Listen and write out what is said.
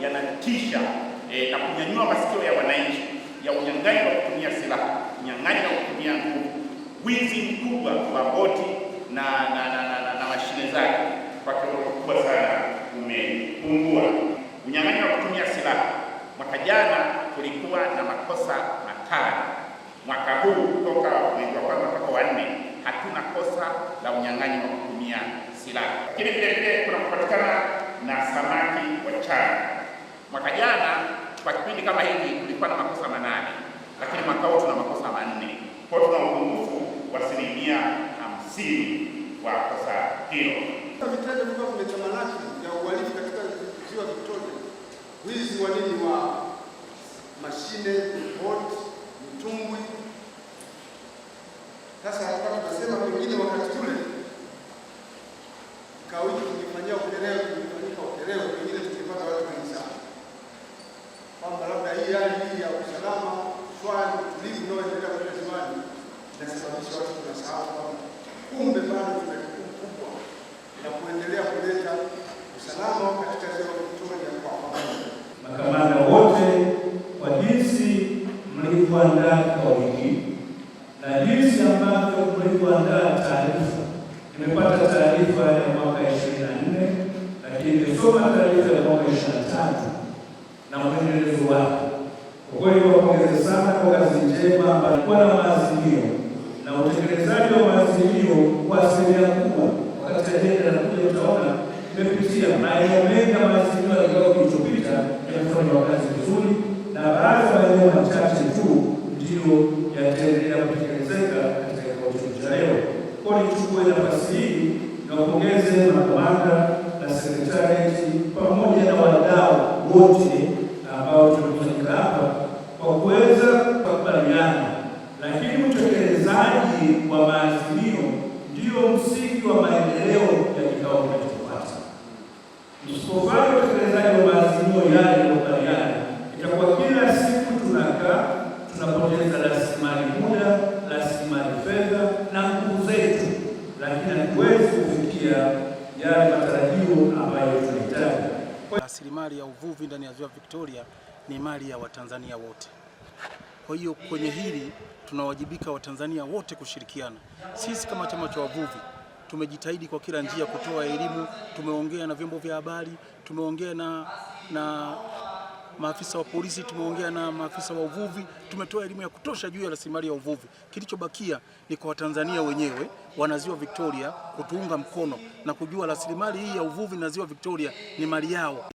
yanatisha e, eh, na kunyanyua masikio ya wananchi ya unyang'anyi wa kutumia silaha, unyang'anyi wa kutumia nguvu, wizi mkubwa wa boti na na, na, na, na, na mashine zake kwa kiwango kikubwa sana umepungua. Unyang'anyi wa kutumia silaha mwaka jana kulikuwa na makosa matano, mwaka huu kutoka mwezi wa kwanza mpaka wanne hatuna kosa la unyang'anyi wa kutumia silaha, lakini vile vile kuna kupatikana na samaki wa chara. Mwaka jana kwa kipindi kama hiki tulikuwa na makosa manane, lakini mwaka huu tuna makosa manne. Kwa hiyo tuna upungufu wa asilimia hamsini wa kosa hilo. Vitendo vilikuwa vimechamalaki vya uhalifu katika ziwa Victoria, wizi wa nini wa mashine, boti, mtumbwi. Sasa hapa tunasema pengine wakati kuimarisha usalama katika ziwa Victoria kwa pamoja. Makamanda wote kwa jinsi mlivyoandaa kwa wiki na jinsi ambavyo mlivyoandaa taarifa, nimepata taarifa ya mwaka na nne lakini nimesoma taarifa ya mwaka 23 na mwendelezo wake. Kwa kweli wapongeze sana kwa kazi njema ambayo ilikuwa na maazimio na utekelezaji wa maazimio kwa asilimia kubwa. Wakati ajenda nakuja utaona tumepitia maeneo mengi maazimio ya kikao kilichopita yamefanywa kazi vizuri, na baadhi ya maeneo machache tu ndiyo yataendelea kutekelezeka katika kikao chetu cha leo. Kwa nichukue nafasi hii na wapongeze makamanda na sekretarieti pamoja na wadau wote ambao tumekusanyika hapa kwa kuweza kukubaliana, lakini utekelezaji wa maazimio ndiyo msingi wa maendeleo tutapoteza rasilimali muda, rasilimali fedha na nguvu zetu, lakini hatuwezi kufikia yale matarajio ambayo tunahitaji. Rasilimali ya uvuvi ndani ya ziwa Victoria ni mali ya Watanzania wote. Kwa hiyo kwenye hili tunawajibika Watanzania wote kushirikiana. Sisi kama chama cha wavuvi tumejitahidi kwa kila njia kutoa elimu, tumeongea na vyombo vya habari, tumeongea na, na maafisa wa polisi, tumeongea na maafisa wa uvuvi, tumetoa elimu ya kutosha juu ya rasilimali ya uvuvi. Kilichobakia ni kwa Watanzania wenyewe wanaziwa Victoria kutuunga mkono na kujua rasilimali hii ya uvuvi na ziwa Victoria ni mali yao.